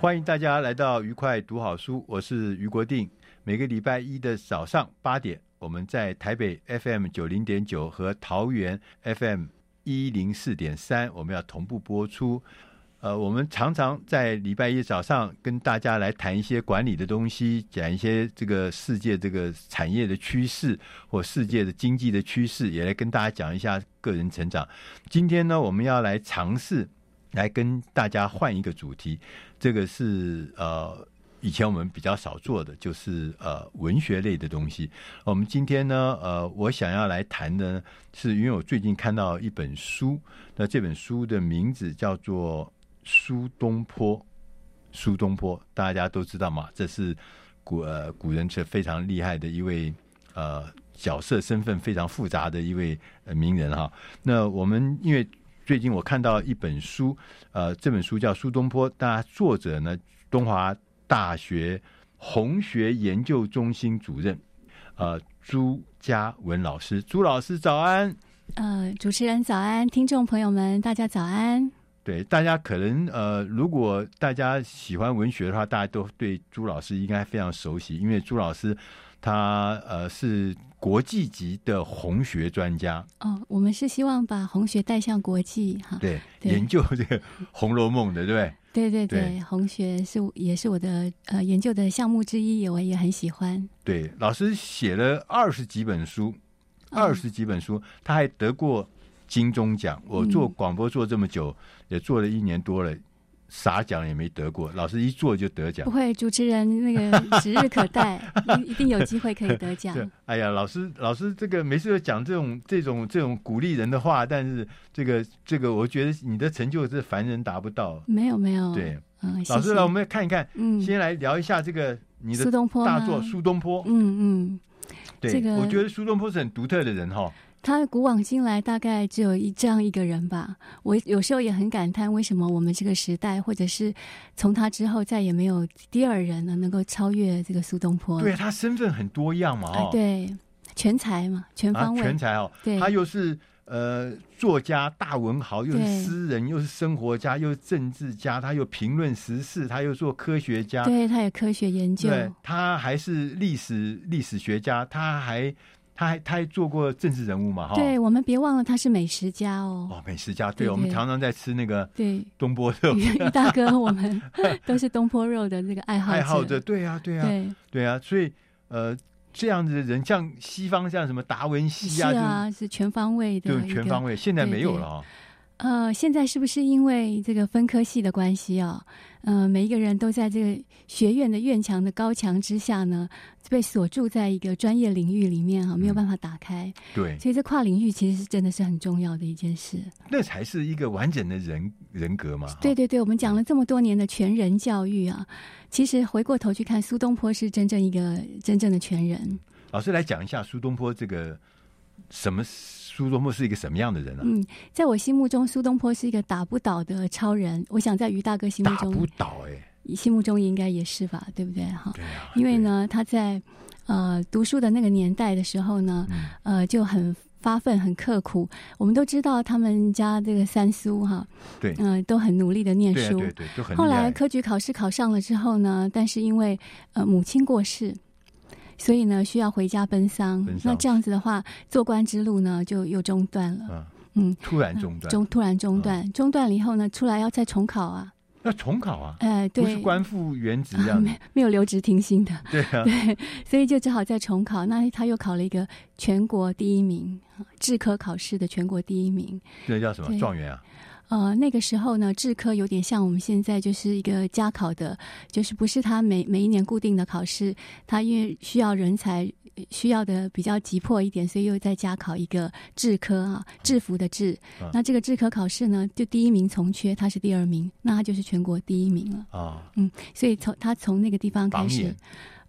歡迎大家來到俞快讀好書，我是俞國定。每個禮拜一的早上八點，我們在台北 FM 九零點九和桃園 FM 一零四點三，我們要同步播出。呃，我們常常在禮拜一早上跟大家來談一些管理的東西，講一些這個世界這個產業的趨勢或世界的經濟的趨勢，也來跟大家講一下個人成長。今天呢，我們要來嘗試。來跟大家換一個主題，這個是呃以前我們比較少做的，就是呃文學類的東西。我們今天呢，呃，我想要來談的是因為我最近看到一本書，那這本書的名字叫做《蘇東坡》。蘇東坡大家都知道嘛，這是古、呃、古人是非常厲害的一位，呃，角色身份非常複雜的一位、呃、名人哈。那我們因為。最近我看到一本書，呃，這本書叫《蘇東坡》，那作者呢，東華大學紅學研究中心主任，呃，朱嘉雯老師。朱老師早安，呃，主持人早安，聽眾朋友們大家早安。對，大家可能呃，如果大家喜歡文學的話，大家都對朱老師應該非常熟悉，因為朱老師。他呃，是國際級的紅學專家哦，我們是希望把紅學帶向國際哈。對，對研究這個《紅樓夢》的，對不對？對對對，對紅學是也是我的呃研究的項目之一，我也很喜歡。對，老師寫了二十幾本書，哦、二十幾本書，他還得過金鐘獎。我做廣播做這麼久，嗯、也做了一年多了。啥獎也沒得過，老師一做就得獎。不會，主持人那個指日可待， 一定有機會可以得獎。哎 呀，老師，老師這個沒事。講這種這種這種鼓勵人的話，但是這個這個，我覺得你的成就是凡人達不到。沒有，沒有。對，嗯，老師來，我們看一看，嗯，先來聊一下這個你的蘇東坡大作蘇東坡。嗯嗯，嗯對，這個、我覺得蘇東坡是很獨特的人哈。他古往今來大概只有一這樣一個人吧。我有時候也很感嘆，為什麼我們這個時代，或者是從他之後再也沒有第二人能夠超越這個蘇東坡？對，他身份很多樣嘛哦，哦、哎，對，全才嘛，全方位、啊、全才哦。對，他又是呃作家，大文豪，又是詩人，對又是生活家，又是政治家，他又評論時事，他又做科學家，對，他有科學研究，對，他還是歷史歷史學家，他還。他還他還做過政治人物嘛哈？對吼我們別忘了他是美食家哦。哦，美食家，對,對,對,對我們常常在吃那個東坡肉。對對 大哥，我們都是東坡肉的這個愛好者 愛好者，對啊，對啊，對,對啊。所以呃，這樣子的人像西方，像什麼達文西啊，是啊，就是全方位的，對，全方位，現在沒有了啊。對對對呃，現在是不是因為這個分科系的關係啊？呃，每一個人都在這個學院的院牆的高牆之下呢，被鎖住在一個專業領域裡面啊，沒有辦法打開。嗯、對，所以這跨領域其實是真的是很重要的一件事。那才是一個完整的人人格嘛。對對對，我們講了這麼多年的全人教育啊，其實回過頭去看蘇東坡是真正一個真正的全人。老師來講一下蘇東坡這個。什麼？蘇東坡是一個什麼樣的人呢、啊？嗯，在我心目中，蘇東坡是一個打不倒的超人。我想在於大哥心目中打不倒，哎，心目中應該也是吧，對不對？哈、啊，因為呢，對他在呃讀書的那個年代的時候呢，嗯、呃就很發奮、很刻苦。我們都知道他們家這個三蘇，哈、呃，對，嗯，都很努力的念書。對、啊、對、啊對啊，就很。後來科舉考試考上了之後呢，但是因為呃母親過世。所以呢，需要回家奔喪。奔喪，那這樣子的話，做官之路呢就又中斷了。啊、嗯突然中斷。中突然中斷，啊、中斷了以後呢，出來要再重考啊。要重考啊？哎、呃，對，不是官復原職一樣的、啊，沒有留職停薪的。對啊，對，所以就只好再重考。那他又考了一個全國第一名，制科考試的全國第一名。這叫什麼狀元啊？呃，那個時候呢，制科有點像我們現在就是一個加考的，就是不是他每每一年固定的考試，他因為需要人才，需要的比較急迫一點，所以又再加考一個制科啊，制服的制。啊，那這個制科考試呢，就第一名從缺，他是第二名，那他就是全國第一名了。啊，嗯，所以從他從那個地方開始，眼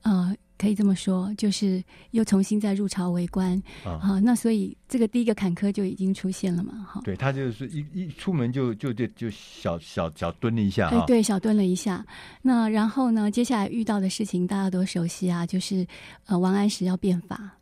呃。可以這麼說，就是又重新再入朝為官、哦、啊。那所以這個第一個坎坷就已經出現了嘛。哈，對，他就是一一出門就就就就小小小蹲了一下，對對，小蹲了一下。那然後呢，接下來遇到的事情大家都熟悉啊，就是呃，王安石要變法。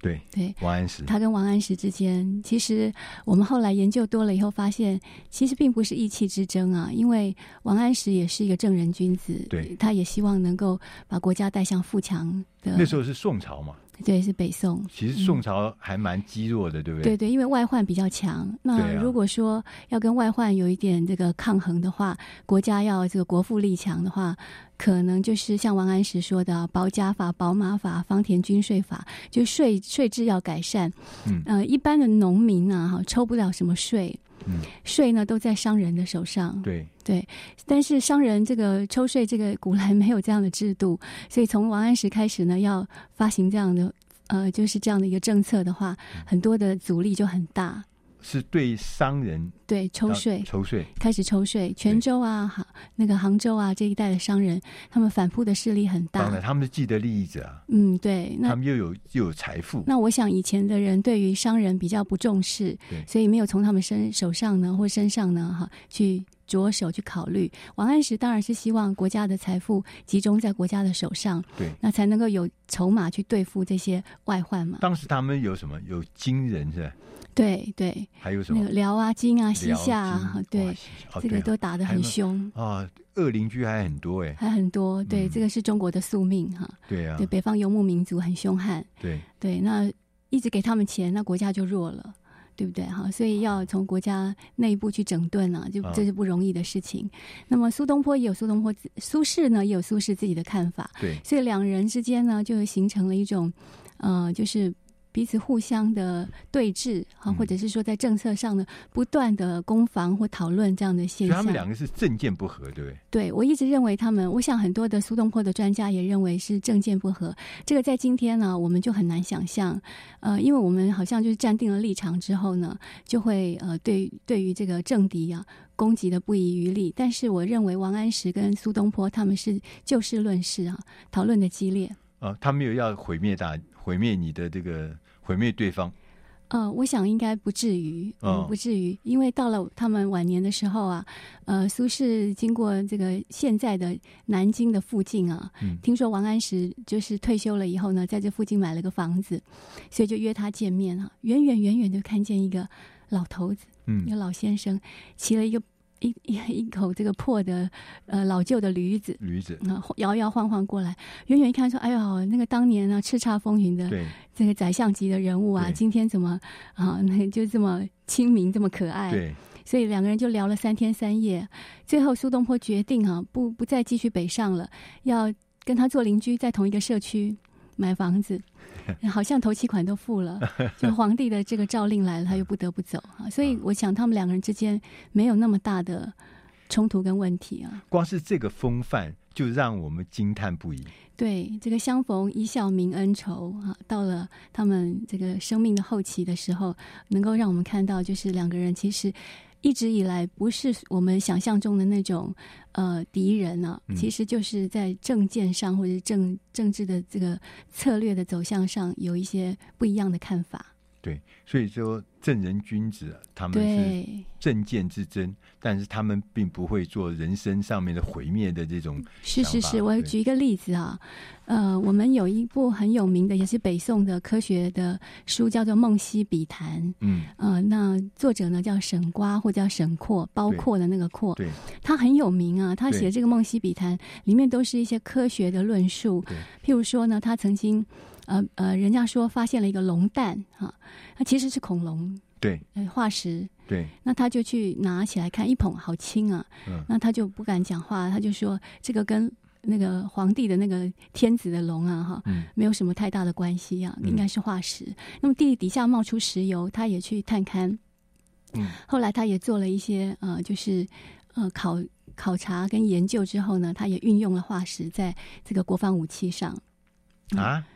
對對，對王安石，他跟王安石之間，其實我們後來研究多了以後，發現其實並不是意氣之爭啊，因為王安石也是一個正人君子，對，他也希望能夠把國家帶向富強的。那時候是宋朝嘛。對，是北宋。嗯、其實宋朝還蠻積弱的，對不對？對對，因為外患比較強。那如果說要跟外患有一點這個抗衡的話，國家要這個國富力強的話，可能就是像王安石說的，保甲法、保馬法、方田均稅法，就稅稅制要改善。嗯，呃，一般的農民啊，哈，抽不了什麼稅。嗯，稅呢都在商人的手上，對對，但是商人這個抽稅，這個古來沒有這樣的制度，所以從王安石開始呢，要發行這樣的，呃，就是這樣的一個政策的話，很多的阻力就很大。是對商人對抽稅抽稅，開始抽稅，泉州啊，對那個杭州啊這一帶的商人，他們反撲的勢力很大。當然，他們是既得利益者啊。嗯，對。那他們又有又有財富。那我想以前的人對於商人比較不重視，對所以沒有從他們身手上呢或身上呢哈去着手去考慮。王安石當然是希望國家的財富集中在國家的手上，對，那才能夠有籌碼去對付這些外患嘛。當時他們有什麼？有金人是。對對，還有什麼遼啊、金啊、西夏啊，對，這個都打得很兇啊。惡鄰居還很多哎，還很多。對，這個是中國的宿命哈。對啊。對，北方游牧民族很兇悍。對對，那一直給他們錢，那國家就弱了，對不對？哈。所以要從國家內部去整頓啊，就這是不容易的事情。那麼蘇東坡也有蘇東坡，蘇軾呢也有蘇軾自己的看法。對，所以兩人之間呢，就形成了一種，呃，就是。彼此互相的對峙啊，或者是說在政策上呢，不斷的攻防或討論這樣的現象。嗯、他們兩個是政見不合，對不對？對，我一直認為他們，我想很多的蘇東坡的專家也認為是政見不合。這個在今天呢，我們就很難想象。呃，因為我們好像就是站定了立場之後呢，就會呃，對對於這個政敵啊攻擊的不遺餘力。但是我認為王安石跟蘇東坡他們是就事論事啊，討論的激烈。呃、啊，他沒有要毀滅大。毀滅你的這個毀滅對方，呃，我想應該不至於，嗯，哦，不至於，因為到了他們晚年的時候啊，呃，蘇軾經過這個現在的南京的附近啊，嗯，聽說王安石就是退休了以後呢，在這附近買了個房子，所以就約他見面啊，遠遠遠遠，遠就看見一個老頭子，嗯，一個老先生騎了一個。一一一口這個破的呃老舊的驢子，驢子啊搖搖晃晃過來，遠遠一看說：“哎呦，那個當年呢叱咤風雲的對這個宰相級的人物啊，對今天怎麼啊就這麼親民這麼可愛？”對，所以兩個人就聊了三天三夜，最後蘇東坡決定啊不不再繼續北上了，要跟他做鄰居，在同一個社區買房子。好像頭期款都付了，就皇帝的這個詔令來了，他又不得不走啊。所以我想他們兩個人之間沒有那麼大的衝突跟問題啊。光是這個風範就讓我們驚嘆不已。對，這個相逢一笑泯恩仇啊，到了他們這個生命的後期的時候，能夠讓我們看到，就是兩個人其實，一直以來不是我們想象中的那種呃敵人呢，啊，嗯，其實就是在政見上或者政政治的這個策略的走向上有一些不一樣的看法。對，所以說。正人君子，他們是政見之爭。對但是他們並不會做人生上面的毀滅的這種。是是是，對我舉一個例子啊，呃，我們有一部很有名的，也是北宋的科學的書，叫做《夢溪筆談》。嗯，呃，那作者呢叫沈瓜或叫沈括，包括的那個括。對。他很有名啊，他寫的這個《夢溪筆談》，對裡面都是一些科學的論述。對譬如說呢，他曾經。呃呃，人家說發現了一個龍蛋哈，那、啊、其實是恐龍對、呃，化石對。那他就去拿起來看，一捧好輕啊，嗯、那他就不敢講話，他就說，這個跟那個皇帝的那個天子的龍啊哈、啊，沒有什麼太大的關係啊，應該是化石。嗯、那麼地底下冒出石油，他也去探勘。嗯、後來他也做了一些呃，就是呃考考察跟研究之後呢，他也運用了化石在這個國防武器上、嗯、啊。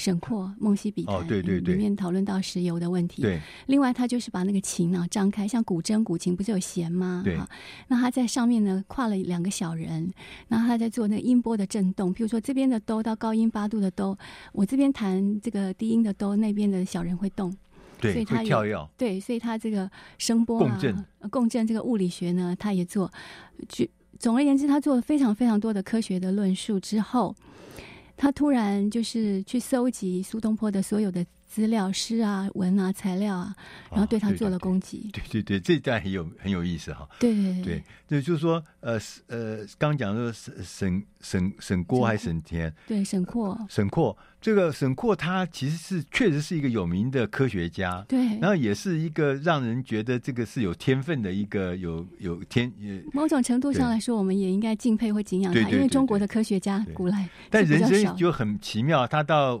沈括《夢溪筆談》哦、對對對，裡面討論到石油的問題。對，另外他就是把那個琴呢、啊、張開，像古箏、古琴不是有弦嗎？對。那他在上面呢跨了兩個小人，然後他在做那個音波的震動。比如說這邊的哆到高音八度的哆，我這邊彈這個低音的哆，那邊的小人會動。對，所以他也會跳躍。對，所以他這個聲波、啊、共振，共振這個物理學呢，他也做。就總而言之，他做了非常非常多的科學的論述之後。他突然就是去搜集蘇東坡的所有的。資料、詩啊、文啊、材料啊，然後對他做了攻擊、啊。對對對，這一段很有很有意思哈、啊。對對對，那就是說，呃呃，剛講說沈沈沈沈括還是沈天？對，沈括。沈括，這個沈括他其實是確實是一個有名的科學家。對。然後也是一個讓人覺得這個是有天分的一個有有天，某種程度上來說，我對們也應該敬佩或敬仰他，因為中國的科學家對對對對古來但人生就很奇妙，他到。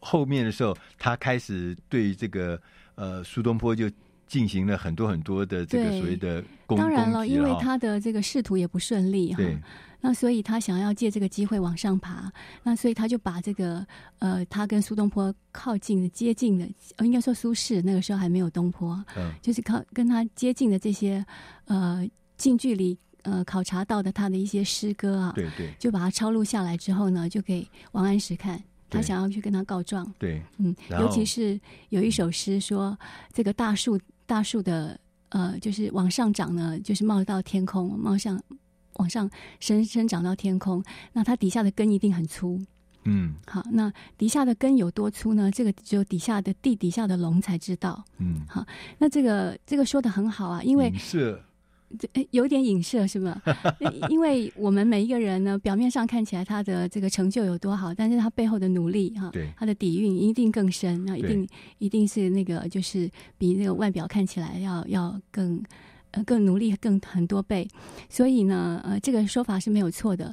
後面的時候，他開始對這個呃蘇東坡就進行了很多很多的這個所謂的攻擊，當然了，攻擊了哦、因為他的這個仕途也不順利哈、啊，對那所以他想要借這個機會往上爬，那所以他就把這個呃他跟蘇東坡靠近的接近的、呃，應該說蘇軾那個時候還沒有東坡，嗯、就是靠跟他接近的這些呃近距離呃考察到的他的一些詩歌啊，對對，就把它抄錄下來之後呢，就給王安石看。他想要去跟他告狀。對，嗯，後尤其是有一首詩說，這個大樹，大樹的，呃，就是往上長呢，就是冒到天空，冒上往上伸伸長到天空。那它底下的根一定很粗。嗯，好，那底下的根有多粗呢？這個只有底下的地底下的龍才知道。嗯，好，那這個這個說得很好啊，因為是。誒，有點影射，是嗎？因為我們每一個人呢，表面上看起來他的這個成就有多好，但是他背後的努力哈，他的底蘊一定更深，那一定對一定是那個就是比那個外表看起來要要更呃更努力更很多倍，所以呢呃這個說法是沒有錯的，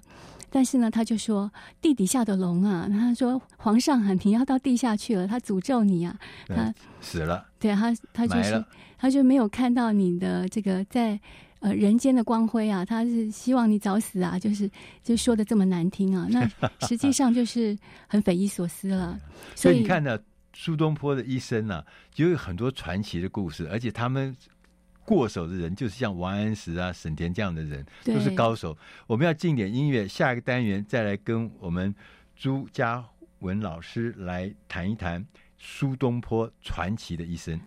但是呢他就說地底下的龍啊，他說皇上很、啊、平要到地下去了，他詛咒你啊，他、嗯、死了，對他他就是了他就沒有看到你的這個在。呃，人間的光輝啊，他是希望你早死啊，就是就說的這麼難聽啊。那實際上就是很匪夷所思了。 所以，所以你看呢、啊，蘇東坡的一生呢、啊，就有很多傳奇的故事，而且他們過手的人，就是像王安石啊、沈田這樣的人，對都是高手。我們要進點音樂，下一個單元再來跟我們朱嘉雯老師來談一談蘇東坡傳奇的一生。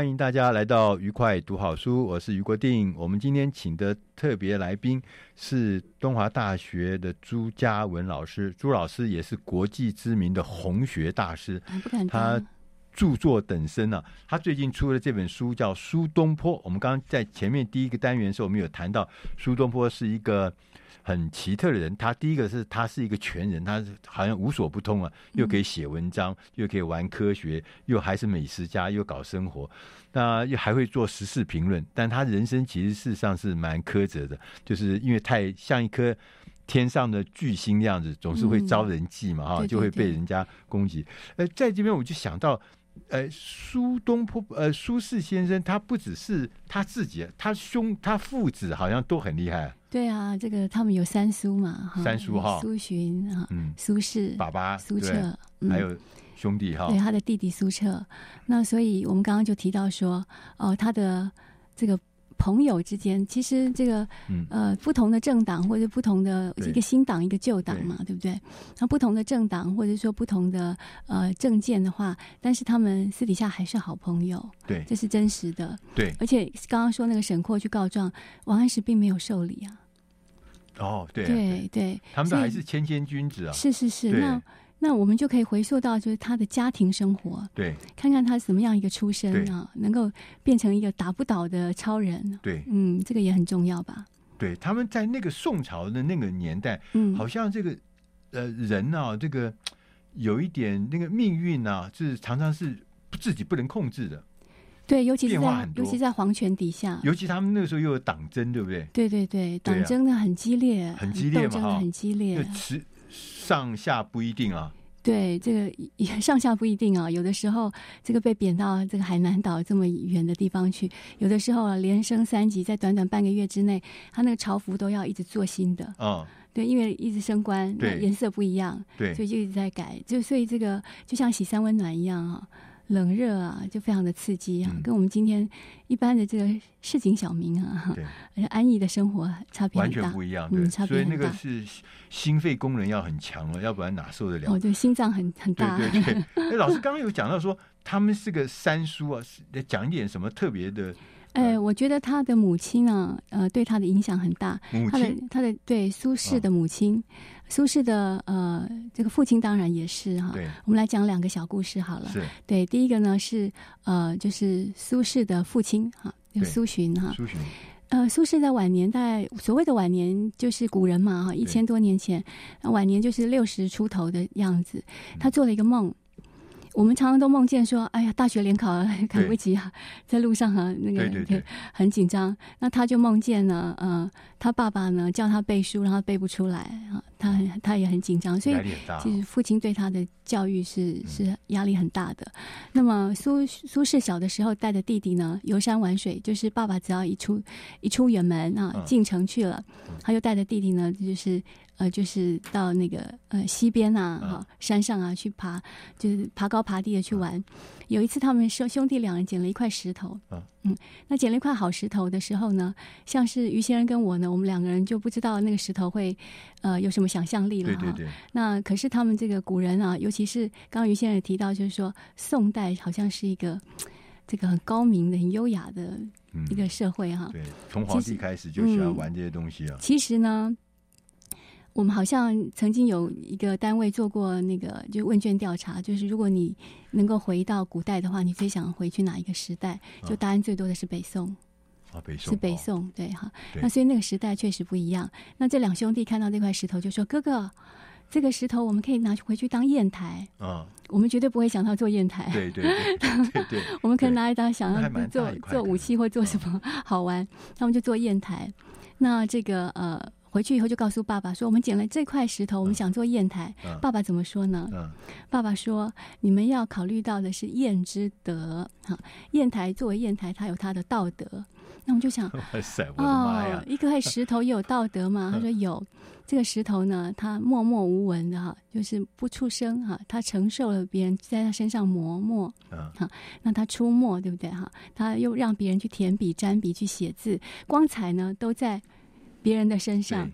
歡迎大家來到俞快讀好書，我是俞國定。我們今天請的特別來賓是東華大學的朱嘉雯老師，朱老師也是國際知名的紅學大師，他著作等身呢、啊，他最近出了這本書叫《蘇東坡》，我們剛剛在前面第一個單元的時候，我們有談到蘇東坡是一個，很奇特的人，他第一個是他是一個全人，他是好像無所不通啊，又可以寫文章，又可以玩科學，又還是美食家，又搞生活，那又還會做時事評論。但他人生其實事實上是蠻苛責的，就是因為太像一顆天上的巨星那樣子，總是會遭人嫉嘛，哈、嗯，對對對，就會被人家攻擊。呃，在這邊我就想到，呃，蘇東坡，呃，蘇軾先生，他不只是他自己，他兄他父子好像都很厲害。對啊，這個他們有三蘇嘛，哈，三蘇哈，蘇洵、嗯，哈，蘇、嗯、軾，爸爸，蘇轍，還有兄弟哈，對，他的弟弟蘇轍。那所以我們剛剛就提到說，哦，他的這個。朋友之間，其實這個，嗯、呃，不同的政黨或者不同的一個新黨，一個舊黨嘛，對，對，對不對？那不同的政黨或者說不同的呃政見的話，但是他們私底下還是好朋友，對，這是真實的。對，而且剛剛說那個沈括去告狀，王安石並沒有受理啊。哦，對對、啊、對，對對他們的，還是謙謙君子啊。是是是，對那。那我們就可以回溯到，就是他的家庭生活，對，看看他是怎麼樣一個出身啊，對，能夠變成一個打不倒的超人，對，嗯，這個也很重要吧？對，他們在那個宋朝的那個年代，嗯，好像這個呃人啊，這個有一點那個命運啊，是常常是自己不能控制的。對，尤其是在尤其在皇權底下，尤其他們那個時候又有黨爭，對不對？對對對，黨爭的很激烈，啊、很激烈嘛，很，很激烈。上下不一定啊。對，這個上下不一定啊。有的時候，這個被貶到這個海南島這麼遠的地方去，有的時候啊，連升三級，在短短半個月之內，他那個朝服都要一直做新的。嗯、哦，對，因為一直升官，對，顏色不一樣，對，所以就一直在改，就所以這個就像洗三溫暖一樣啊。冷熱啊，就非常的刺激，啊。跟我們今天一般的這個市井小民啊，嗯、對安逸的生活差別完全不一樣。對嗯，所以那個是心肺功能要很強了，要不然哪受得了？哦、對，心臟很很大。對對對，那、欸、老師剛剛有講到說，他們是個三叔啊，講 一點什麼特別的？哎、呃欸，我覺得他的母親啊，呃，對他的影響很大。母親親，他的對蘇軾的母親。哦蘇軾的呃，這個父親當然也是對哈。我們來講兩個小故事好了。是對，第一個呢是呃，就是蘇軾的父親哈，就對蘇洵巡哈。蘇洵。呃，蘇軾在晚年，在所謂的晚年，就是古人嘛哈，一千多年前對、啊，晚年就是六十出頭的樣子。他做了一個夢。嗯、我們常常都夢見說，哎呀，大學聯考趕 不及啊，對在路上哈、啊，那個對對對很緊張。那他就夢見呢，呃，他爸爸呢叫他背書，然後背不出來哈他很，他也很緊張，所以其實父親對他的教育是是壓力很大的。那麼蘇蘇軾小的時候帶着弟弟呢遊山玩水，就是爸爸只要一出一出遠門啊進城去了，他就帶着弟弟呢，就是呃就是到那個呃溪邊啊哈，山上啊去爬，就是爬高爬低的去玩。有一次他們兄兄弟兩人撿了一塊石頭。嗯，那撿了一塊好石頭的時候呢，像是俞先生跟我呢，我們兩個人就不知道那個石頭會，呃，有什麼想象力了哈。對對對，那可是他們這個古人啊，尤其是剛，剛俞先生提到，就是說宋代好像是一個這個很高明的、很優雅的一個社會哈，啊嗯。對，從皇帝開始就喜歡玩這些東西啊。其實，嗯、其實呢。我們好像曾經有一個單位做過那個就問卷調查，就是如果你能夠回到古代的話，你最想回去哪一個時代？就答案最多的是北宋啊，北宋是北宋，哦、對哈。好對，那所以那個時代確實不一樣。那這兩兄弟看到那塊石頭，就說：“哥哥，這個石頭我們可以拿回去當硯臺。”啊，我們絕對不會想到做硯臺，對對對，對對對， 我們可以拿一刀想要做做武器或做什麼好玩，哦、他們就做硯臺。那這個呃。回去以後就告訴爸爸說：“我們撿了這塊石頭，我們想做硯臺。啊”啊、爸爸怎麼說呢？啊、爸爸說：“你們要考慮到的是硯之德。哈、啊，硯臺作為硯臺，它有它的道德。那我們就想，我說，哦，我的媽呀，一塊石頭也有道德嗎？”他說：“有。啊、這個石頭呢，它默默無聞的哈，就是不出聲哈，它承受了別人在他身上磨墨，啊，那他出墨，對不對？哈、啊，他又讓別人去填筆、沾筆去寫字，光彩呢都在。”別人的身上，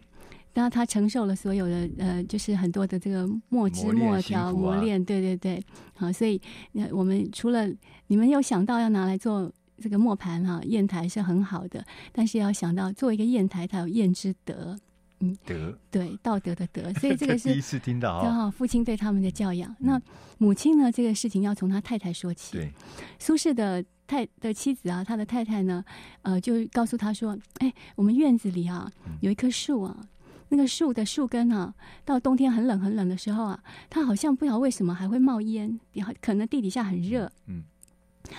那對他承受了所有的呃，就是很多的這個墨汁、墨條磨練，啊、磨練，對對對，好，所以那我們除了你們有想到要拿來做這個墨盤哈，硯台是很好的，但是要想到做一個硯台，它有硯之德，嗯，德對道德的德，所以這個是 第一次聽到、哦。好父親對他們的教養，嗯、那母親呢？這個事情要從他太太說起。對，蘇軾的。太的妻子啊，他的太太呢，呃，就告訴他說：“哎、欸，我們院子裡啊，有一棵樹啊，嗯、那個樹的樹根啊，到冬天很冷很冷的時候啊，它好像不知道為什麼還會冒煙，可能地底下很熱。嗯”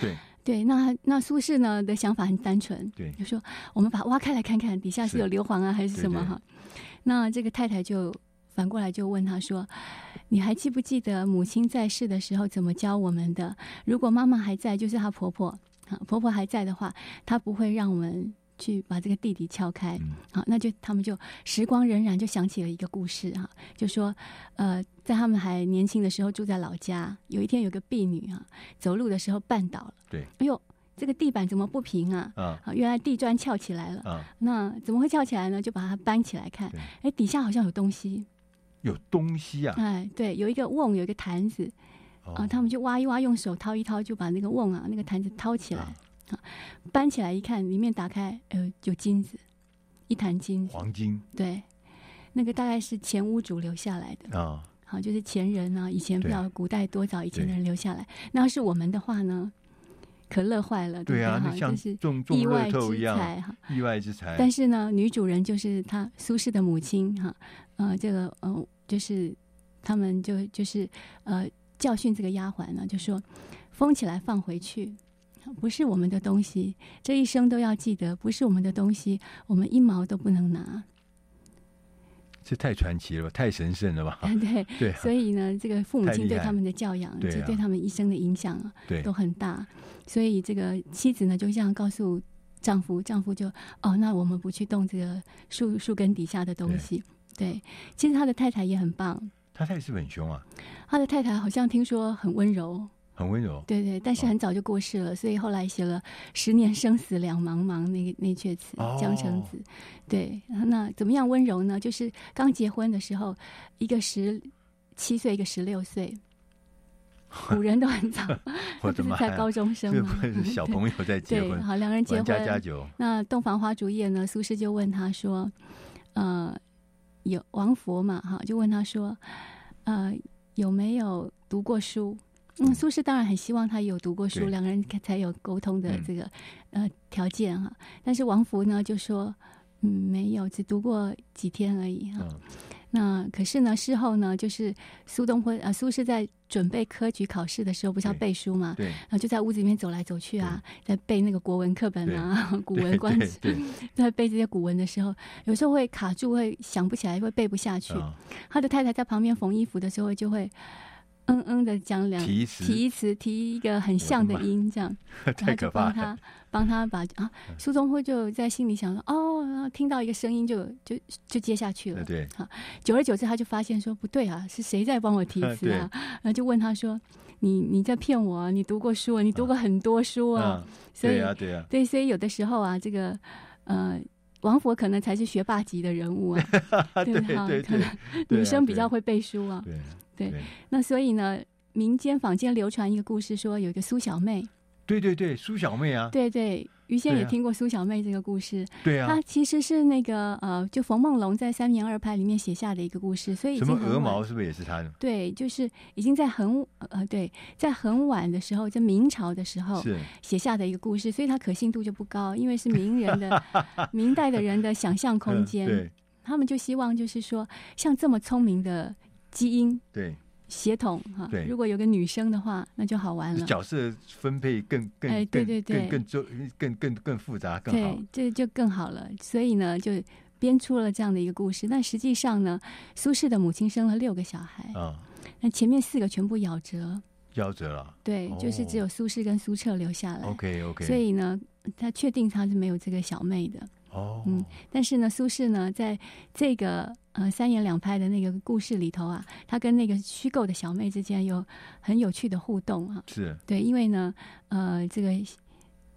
嗯，對對，那那蘇軾呢的想法很單純，對就說我們把它挖開來看看，底下是有硫磺啊是還是什麼哈、啊？對對那這個太太就。反過來就問他說：“你還記不記得母親在世的時候怎麼教我們的？如果媽媽還在，就是她婆婆；啊。婆婆還在的話，她不會讓我們去把這個地底撬開。嗯、好，那就他們就時光荏苒，就想起了一個故事哈，就說：呃，在他們還年輕的時候，住在老家，有一天有個婢女啊，走路的時候絆倒了。對，哎呦，這個地板怎麼不平啊？啊，原來地磚翹起來了。啊，那怎麼會翹起來呢？就把它搬起來看，哎對、欸，底下好像有東西。”有東西啊！哎，對，有一個甕，有一個壇子，啊，他們就挖一挖，用手掏一掏，就把那個甕啊，那個壇子掏起來，搬起來一看，裡面打開，呃，有金子，一壇金，黃金，對，那個大概是前屋主留下來的啊，好，就是前人啊，以前比較古代多早以前的人留下來，那要是我們的話呢，可樂壞了，對啊，好像就是意外之財哈，意外之財。但是呢，女主人就是她，蘇軾的母親哈。呃，這個呃，就是他們就就是呃，教訓這個丫鬟呢、啊，就說封起來放回去，不是我們的東西，這一生都要記得，不是我們的東西，我們一毛都不能拿。這太傳奇了吧，太神聖了吧？對 對。對啊，所以呢，這個父母親對他們的教養，就對他們一生的影響啊，對啊，都很大。所以這個妻子呢，就這樣告訴丈夫，丈夫就哦，那我們不去動這個樹樹根底下的東西。對，其實他的太太也很棒。他太太是不是很凶啊。他的太太好像聽說很溫柔，很溫柔。對對，但是很早就過世了，哦、所以後來寫了“十年生死兩茫茫”那個那闕詞《江城子》哦。對，那怎麼樣溫柔呢？就是剛結婚的時候，一個十七歲，一個十六歲，古人都很早，者 是在高中生小朋友在結婚 對對。好，兩人結婚，家家酒。那洞房花燭夜呢？蘇軾就問他說：“嗯、呃。”有王佛嘛，哈，就問他說，呃，有沒有讀過書？嗯,嗯，蘇軾當然很希望他有讀過書，對兩個人才有溝通的這個呃條件哈。但是王佛呢就說，嗯，沒有，只讀過幾天而已哈。嗯那可是呢，事後呢，就是蘇東坡啊，蘇軾在準備科舉考試的時候，對不是要背書嘛，然後對、啊、就在屋子裡面走來走去啊，在對背那個國文課本啊，對古文觀止，在背這些古文的時候，有時候會卡住，會想不起來，會背不下去。啊、他的太太在旁邊縫衣服的時候，就會。嗯嗯的講兩提詞，提詞提一個很像的音，這樣太可怕了幫他幫他把啊，蘇東坡就在心裡想說哦，聽到一個聲音就就就接下去了。對，好，久而久之他就發現說不對啊，是誰在幫我提詞啊？然後就問他說，你你在騙我？你讀過書？你讀過很多書啊？對啊對啊。對，所以有的時候啊，這個呃，王弗可能才是學霸級的人物啊。對對對，可能女生比較會背書啊。對。對，那所以呢，民間坊間流傳一個故事，說有一個蘇小妹。對對對，蘇小妹啊。對對，於先也聽過蘇小妹這個故事。對啊，他其實是那個呃，就馮夢龍在《三言二拍》裡面寫下的一個故事，所以已經什麼鵝毛是不是也是他的？對，就是已經在很呃對，在很晚的時候，在明朝的時候寫下的一個故事，所以它可信度就不高，因為是名人的 明代的人的想象空間，他、嗯、們就希望就是說，像這麼聰明的。基因對協同哈，啊、對如果有個女生的話，那就好玩了。角色分配更更、哎、對對對更更更更更,更複雜更好對，這就更好了。所以呢，就編出了這樣的一個故事。但實際上呢，蘇軾的母親生了六個小孩啊，嗯、那前面四個全部夭折，夭折了。對，哦、就是只有蘇軾跟蘇轍留下來。OK OK。所以呢，他確定他是沒有這個小妹的。哦，嗯。但是呢，蘇軾呢，在這個。呃，三言兩拍的那個故事裡頭啊，他跟那個虛構的小妹之間有很有趣的互動啊。是，對，因為呢，呃，這個，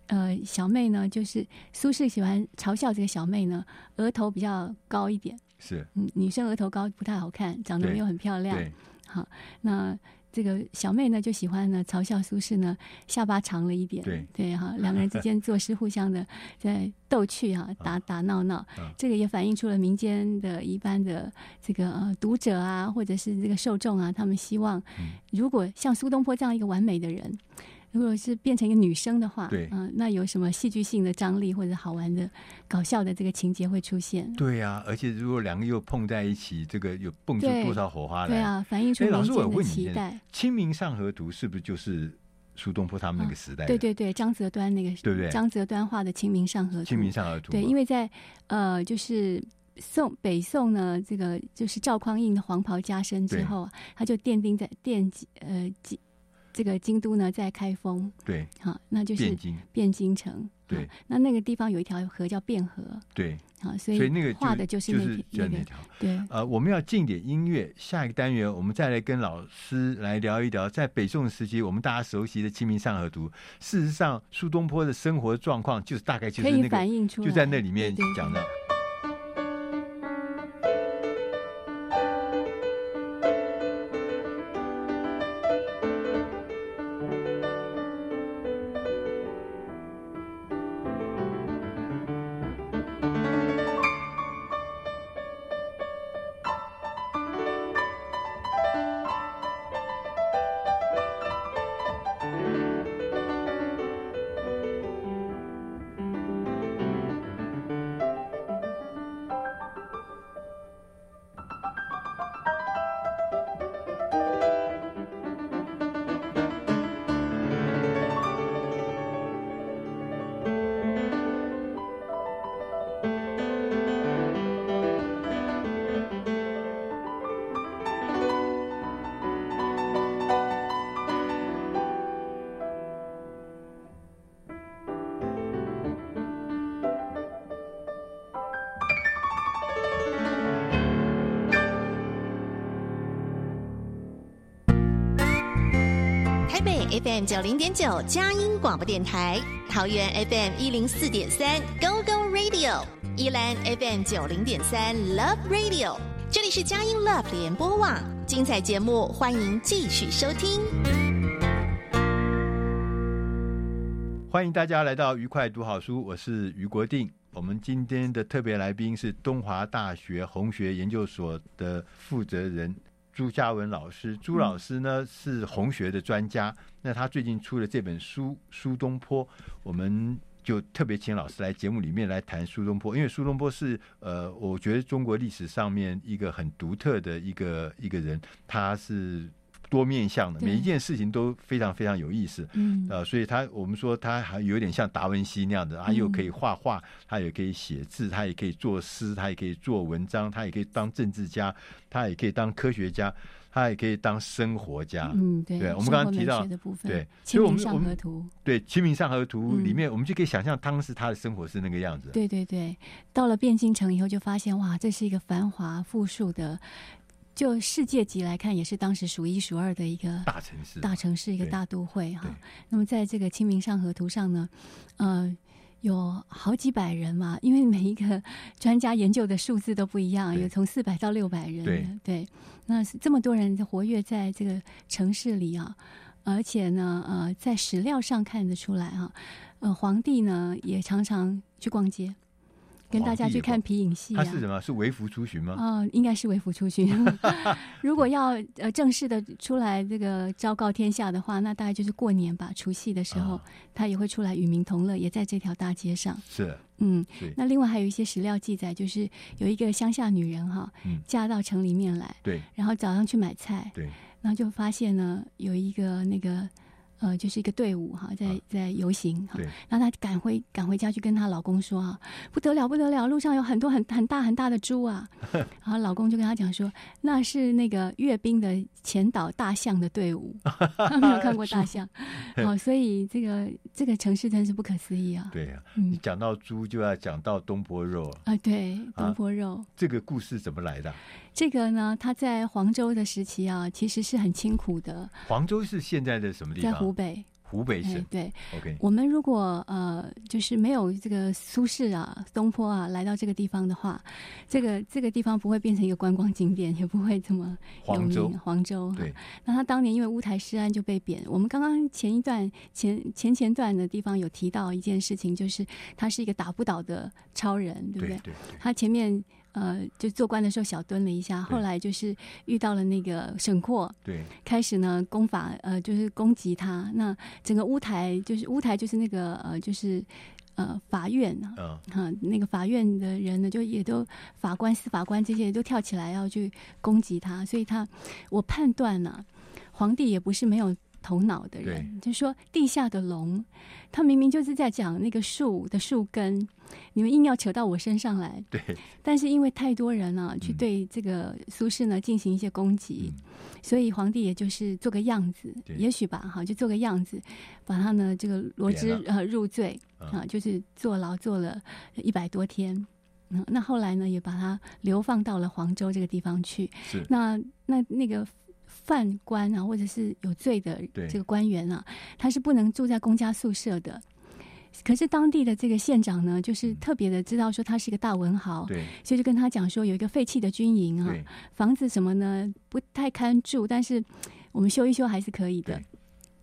呃，小妹呢，就是蘇軾喜歡嘲笑這個小妹呢，額頭比較高一點。是，嗯，女生額頭高不太好看，長得又很漂亮。對好，那。這個小妹呢，就喜歡呢嘲笑蘇軾呢下巴長了一點。對對哈、啊，兩個人之間作詩互相的在逗趣哈、啊，打打鬧鬧。這個也反映出了民間的一般的這個讀者啊，或者是這個受眾啊，他們希望，如果像蘇東坡這樣一個完美的人。如果是變成一個女生的話，對、呃，那有什麼戲劇性的張力或者好玩的、搞笑的這個情節會出現？對呀、啊，而且如果兩個又碰在一起，這個又蹦出多少火花來？對,對啊，反映出民間的期待。欸、清明上河圖是不是就是蘇東坡他們那個時代、啊、對對對，張擇端那個，時代。對不對？張擇端畫的《清明上河圖》。清明上河圖。對，因為在呃，就是宋北宋呢，這個就是趙匡胤的黃袍加身之後，對他就奠定在奠呃基。這個京都呢，在開封對，好、啊，那就是汴京，汴京城對、啊。那那個地方有一條河叫汴河對，好、啊，所以，所以那個畫的就是就是那條邊對。呃，我們要進點音樂，下一個單元我們再來跟老師來聊一聊，在北宋時期我們大家熟悉的《清明上河圖》，事實上蘇東坡的生活狀況就是大概就是那個可以反映出，就在那裡面講的。對對對九零點九佳音廣播電台，桃園 FM 一零四點三 Go Go Radio，宜蘭 FM 九零點三 Love Radio，這裡是佳音 Love 聯播網，精彩節目歡迎繼續收聽。歡迎大家來到俞快讀好書，我是俞國定。我們今天的特別來賓是東華大學紅學研究所的負責人。朱嘉雯老師，朱老師呢是紅學的專家。那他最近出了這本書《蘇東坡》，我們就特別請老師來節目裡面來談蘇東坡，因為蘇東坡是呃，我覺得中國歷史上面一個很獨特的一個一個人，他是，多面向的，對每一件事情都非常非常有意思。嗯，呃，所以他，我們說他還有點像達文西那樣的，他、嗯啊、又可以畫畫，他也可以寫字，他也可以作詩，他也可以做文章，他也可以當政治家，他也可以當科學家，他也可以當生活家。嗯，對，對對我們剛剛提到對《清明上河圖》對《清明上河圖》裡面、嗯，我們就可以想象當時他的生活是那個樣子。對對對，到了汴京城以後，就發現哇，這是一個繁華富庶的。就世界級來看，也是當時數一數二的一個大城市，大城市一個大都會哈、啊。那麼，在這個《清明上河圖》上呢，呃，有好幾百人嘛，因為每一個專家研究的數字都不一樣，有從四百到六百人，對。那是這麼多人活躍在這個城市裡啊，而且呢，呃，在史料上看得出來哈、啊，呃，皇帝呢也常常去逛街。跟大家去看皮影戲啊？他是什麼？是微服出巡嗎？哦，應該是微服出巡。 如果要呃正式的出來這個昭告天下的話，那大概就是過年吧，除夕的時候、啊、他也會出來與民同樂，也在這條大街上。是、啊，嗯，以那另外還有一些史料記載，就是有一個鄉下女人哈、哦，嗯、嫁到城裡面來，對，然後早上去買菜，對，然後就發現呢有一個那個。呃，就是一個隊伍哈，在在遊行哈，啊、然後她趕回趕回家去跟她老公說啊，不得了不得了，路上有很多很很大很大的豬啊， 然後老公就跟他講說，那是那個閱兵的前導大象的隊伍， 他沒有看過大象，哦豬， 所以這個這個城市真是不可思議啊。對啊、嗯、你講到豬就要講到東坡肉啊、呃，對，東坡肉，啊、這個故事怎麼來的？這個呢，他在黃州的時期啊，其實是很清苦的。黃州是現在的什麼地方？在湖北。湖北省。對，對，OK。我們如果呃，就是沒有這個蘇軾啊、東坡啊來到這個地方的話，這個這個地方不會變成一個觀光景點，也不會這麼有名。黃州。黃州。對。嗯，那他當年因為烏臺詩案就被貶。我們剛剛前一段、前前前段的地方有提到一件事情，就是他是一個打不倒的超人，對不對？對，對，對。他前面。呃，就做官的時候小蹲了一下，後來就是遇到了那個沈括，對，開始呢攻法，呃，就是攻擊他。那整個烏台就是烏台，就是那個呃，就是呃法院啊，嗯，那個法院的人呢，就也都法官、司法官這些都跳起來要去攻擊他，所以他我判斷呢，啊，皇帝也不是沒有。頭腦的人，就是、說地下的龍，對他明明就是在講那個樹的樹根，你們硬要扯到我身上來。對，但是因為太多人呢、啊，嗯、去對這個蘇軾呢進行一些攻擊，嗯、所以皇帝也就是做個樣子，對也許吧，哈，就做個樣子，把他呢這個羅織呃入罪啊，啊，就是坐牢坐了一百多天。嗯、那後來呢，也把他流放到了黃州這個地方去。是那那那個。犯官啊，或者是有罪的這個官員啊，對他是不能住在公家宿舍的。可是當地的這個縣長呢，就是特別的知道說他是個大文豪，對，所以就跟他講說有一個廢棄的軍營啊，對房子什麼呢不太堪住，但是我們修一修還是可以的，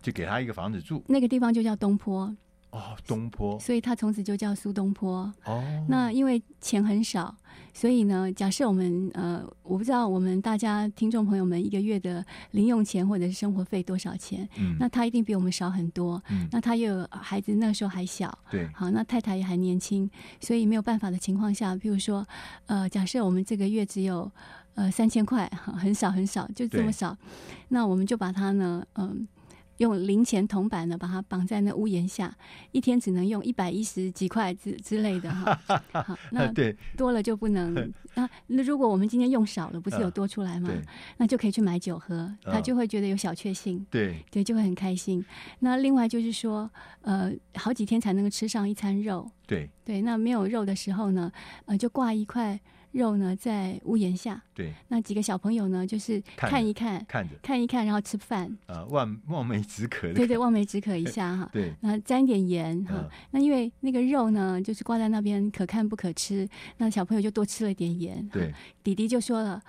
就給他一個房子住。那個地方就叫東坡。哦，東坡，所以他從此就叫蘇東坡。哦，那因為錢很少，所以呢，假設我們呃，我不知道我們大家聽眾朋友們一個月的零用錢或者是生活費多少錢。嗯，那他一定比我們少很多。嗯，那他又有孩子那時候還小。對、嗯，好，那太太也還年輕，所以沒有辦法的情況下，比如說，呃，假設我們這個月只有呃三千塊，很很少很少，就這麼少，對那我們就把它呢，嗯、呃。用零錢銅板呢，把它綁在那屋檐下，一天只能用一百一十幾塊之之類的哈。好，那多了就不能。那、 啊、那如果我們今天用少了，不是有多出來嗎？啊、那就可以去買酒喝，他就會覺得有小確幸。對對、啊，就會很開心。對那另外就是說，呃，好幾天才能夠吃上一餐肉。對對，那沒有肉的時候呢，呃，就掛一塊。肉呢，在屋檐下。對。那幾個小朋友呢，就是看一看，看着，看一看，然後吃飯。啊，望望梅止渴。對對，望梅止渴一下哈。 對。那沾一點鹽哈、嗯啊。那因為那個肉呢，就是掛在那邊，可看不可吃。那小朋友就多吃了點鹽。對、啊。弟弟就說了：“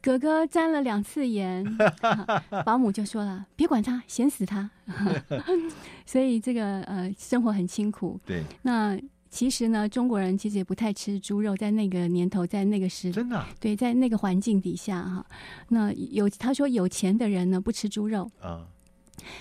哥哥沾了兩次鹽。 啊”保姆就說了：“別管他，鹹死他。 ”所以這個呃，生活很辛苦。對。那。其實呢，中國人其實也不太吃豬肉，在那個年頭，在那個時，真的、啊、對，在那個環境底下哈、啊，那有他說有錢的人呢，不吃豬肉、嗯、